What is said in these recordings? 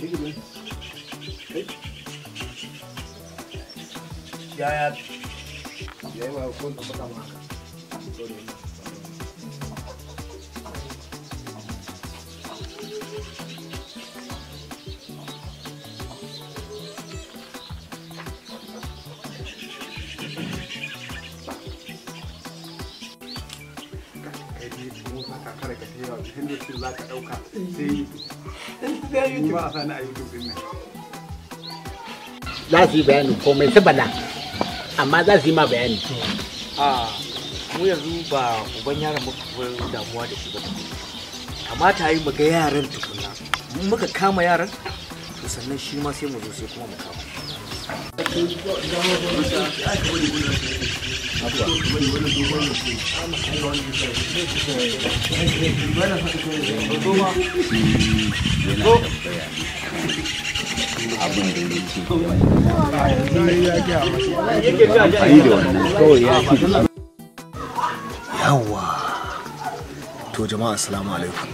Big Ben. Yaya. Yaya, o eu botar a marca. fara ka ta yawa ta hanyar za ka ɗauka sai yi ma a sani a youtube din nan za su yi bayani komai su bala amma za su yi ma bayani mu yanzu ba uban yaran muka damuwa da shi ba kamata yi mu ga yaran tukuna muka kama yaran to sannan shi ma sai mu zo sai kuma mu kama yawa to jama'a assalamu alaikum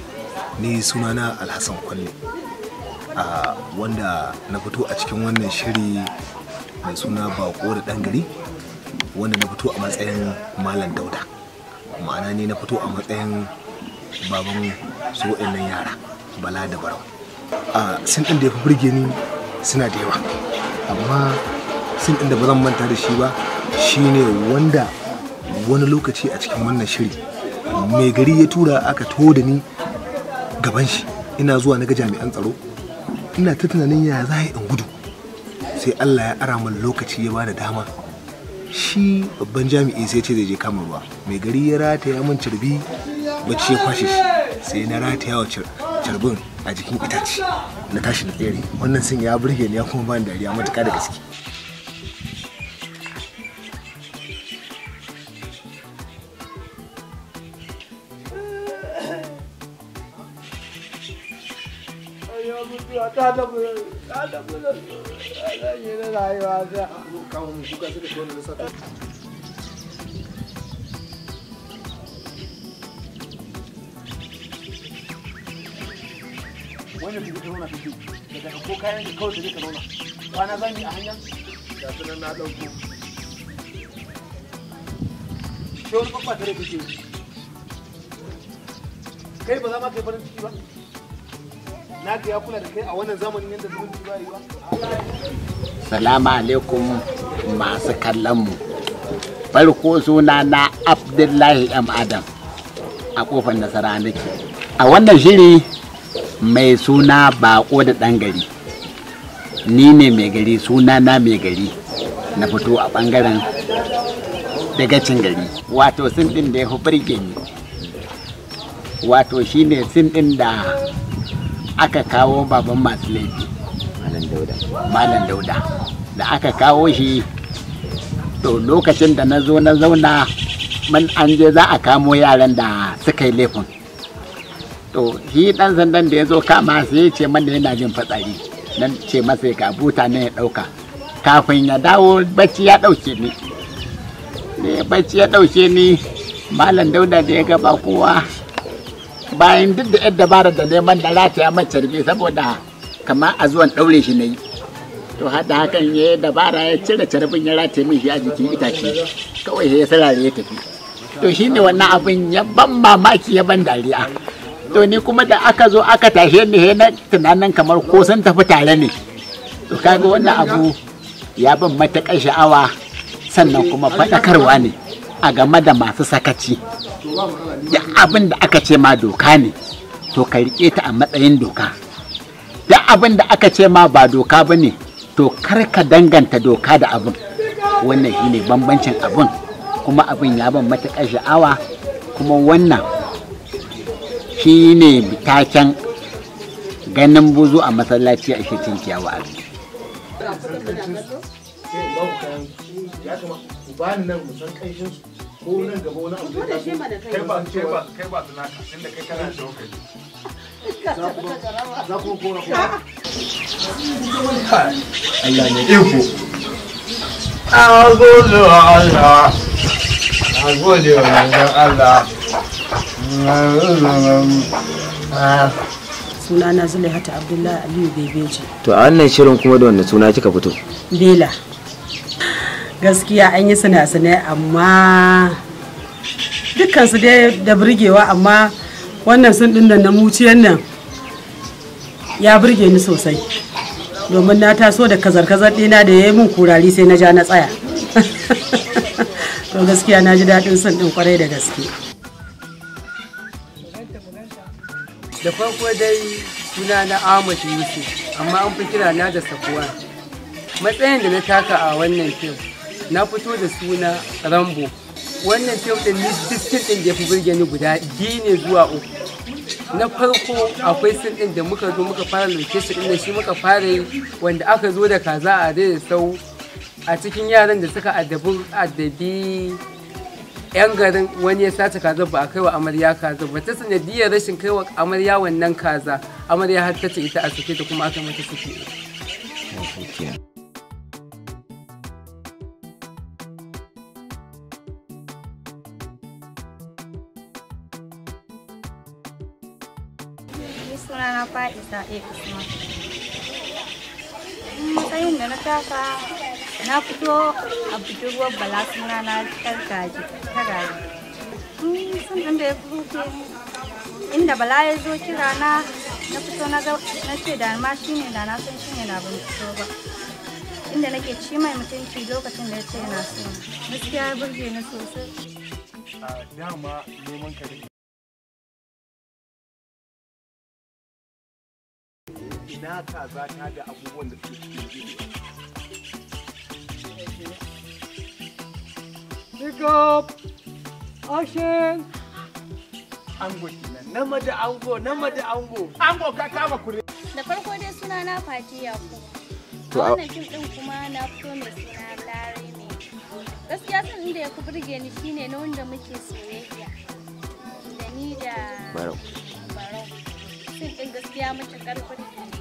ni sunana alhassan kwalle ah, wanda na fito a cikin wannan shiri mai suna bako da dan gari wanda na fito a matsayin malam dauda ma'ana ne na fito a matsayin baban su waɗannan yara bala da barau a sun ɗin da ya fi burge ni suna da yawa amma sin ɗin da ba zan manta da shi ba shine wanda wani lokaci a cikin wannan shiri mai gari ya tura aka to da ni gaban shi ina zuwa na ga jami'an tsaro ina ta tunanin ya za in gudu sai Allah ya ara min lokaci ya bada dama shi babban jami'i sai ce zai je kama ba mai gari ya rataya min cirbi bacci ya kwashe shi sai na rataya wa cirbin a jikin itace na tashi da tsere wannan sun ya burge ni ya kuma bani dariya matuƙa da gaske Ka tafi na tafi da zan yi na rayuwa ta da shi wani wannan daga ko kayan da kawai da zai kwana zan yi a hanya da na ɗauko sai wani tare kai ba za ma kai farin ciki ba naka salamu alaikum masu kallon mu farko suna na abdullahi m adam a kofar nasara nake a wannan shiri mai suna bako da ɗan gari ni ne mai gari suna na mai gari na fito a ɓangaren dagacin gari wato sin ɗin da ya fi birge ni wato ne sin ɗin da aka kawo baban masu laifi malam dauda da aka kawo shi to lokacin da na zo na zauna man an je za a kamo yaran da suka yi laifin to shi dan sandan da ya zo kama sai ya ce mana yana jin fatsari nan ce masa ya buta ne ya dauka kafin ya dawo bacci ya dauke ni ne bacci ya dauke ni malam dauda da ya gaba kowa bayan duk da yadda bara da neman da ya mace rufe saboda kamar a zuwan ɗaure shi na yi to hada hakan ya yi dabara ya cire carbin ya rataye min shi a jikin itace kawai sai ya sarari ya tafi to shi ne wannan abin ya ban mamaki ya ban dariya to ni kuma da aka zo aka tashe ni he na tunanin kamar ko sun tafi tare ne to kaga wannan abu ya ban matakar sha'awa sannan kuma faɗakarwa ne a game da masu sakaci ya abin da aka ce ma doka ne to ka riƙe ta a matsayin doka duk abin da aka ce ma ba doka ba ne to kar ka danganta doka da abin wannan shi ne bambancin abin kuma abin ya ban matuƙar sha'awa kuma wannan Shi ne taken ganin buzu a masallaci a shekin ciyawa a ya ko nan gaba wani abu da shi mana kai ba kai ba kai ba tana ka inda kai kana da hukai za ku za ku ko ko Allah ne iko Agolo Allah Agolo Allah Sunana Zulaihat Abdullahi Aliyu Bebeji. To a wannan shirin kuma da wanda suna kika fito? Bela. gaskiya an yi sinasine amma dukkansu dai da burgewa amma wannan sun ɗin da namuciyar nan ya burge ni sosai domin na taso da kazar-kazar ɗina da ya yi mun kurari sai na ja na tsaya to gaskiya na ji daɗin sun ɗin kwarai da gaske da farko dai suna na ahmad yusuf amma an fi kira na da sakuwa matsayin da na taka a wannan fim na fito da suna rambo wannan fim din ni duk din da ya fi burge ni guda biyu ne zuwa uku na farko akwai sin din da muka zo muka fara lauke su din shi muka fara yi wanda aka zo da kaza a da sau a cikin yaran da suka addabi addabi yan garin wani ya sace kaza ba a kaiwa amarya kaza ba ta sanadiyar rashin kaiwa amarya wannan kaza amarya har ta ce ita a suke ta kuma aka mata suke ni suna na Fa'iza A Usman. Matsayin da na taka na fito a budurwar bala suna na targaji ta gari. Sannan da ya inda bala ya zo kira na na fito na ce dan ma shi ne da na san shi ne na ban fito ba. Inda nake ci mai mutunci lokacin da ya ce na so. Gaskiya ya burge ni sosai. ina kaza ta da abubuwan da suke cikin gidan Pick up! Ashen! Ango kenan, nama da ango, nama da ango. Ango ka kama kure. Da farko dai suna na Fati ya To a wannan fim din kuma na fito mai suna lare ne. Gaskiya sun inda ya fi burge ni shine na wanda muke soyayya. Da ni da Barau. Barau. Sun din gaskiya mace karfin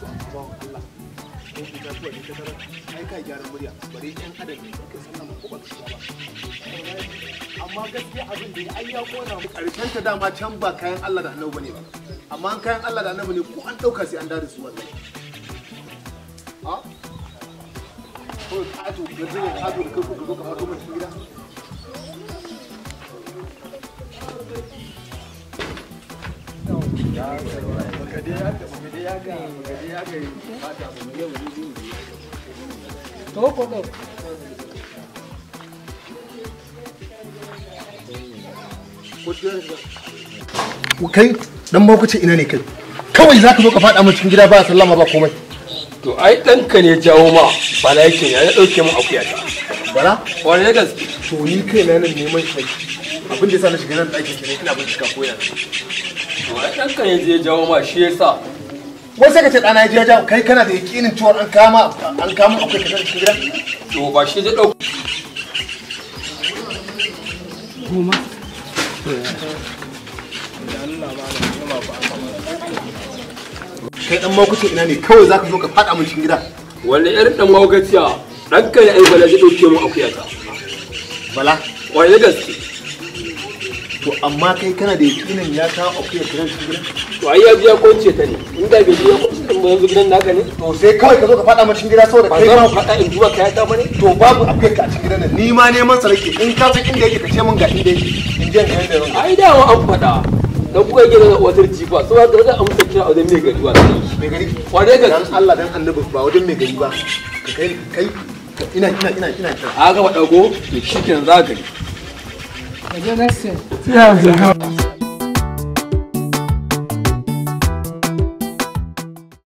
su a bawan Allah ko ta kuwa ta amma gaskiya abin da ai ya kona mu karshen ta dama can ba kayan Allah da annabi ne. ba amma kayan Allah da annabi ne ko an dauka sai an dare su wallahi ha ko ka ka ka gida kai dan ba ce ina ne kai kawai za ka zo ka fada mu cikin gida ba sallama ba komai to ai ɗanka ne jawo ma bala yake ya dauke mu akuya ta bala wani ne gaske to ni kai na nan neman shi abin da yasa na shiga nan ɗakin kenan ina bincika ko yana Ɗanka ya je jawo ma shi yasa. Wai sai ka ce ɗana ya je jawo kai kana da yakinin cewar an kama an kama akwai kasar cikin gidan. To ba shi zai ɗauka. Goma. Kai ɗan maukaci ina ne kawai za ka zo ka faɗa mun cikin gida. Wani irin ɗan maukaciya ɗanka ya yi bala zai ɗauke mu akuyata. Bala. Wani gaske. to amma kai kana da yakinin ya kawo akuyar ta shi gidan to ai ya biya kwance ta ne in da bai biya kwance ta yanzu gidan naka ne to sai kawai ka zo ka fada ma gida saboda kai ba fada in zuwa ka ya ta bane to babu akuyar ka a cikin gidan ni ma neman sa nake in ka san inda yake ka ce min ga inda yake in je ka yanda yau ai da wa an fada da kuka gina da watar jifa so ka ga amsa kira wajen mai gari ba mai gari kwarai ga dan Allah dan annabi ba wajen mai gari ba ka kai kai ina ina ina ina ka ga wadago to shikenan za ka gani Ẹ̀jẹ̀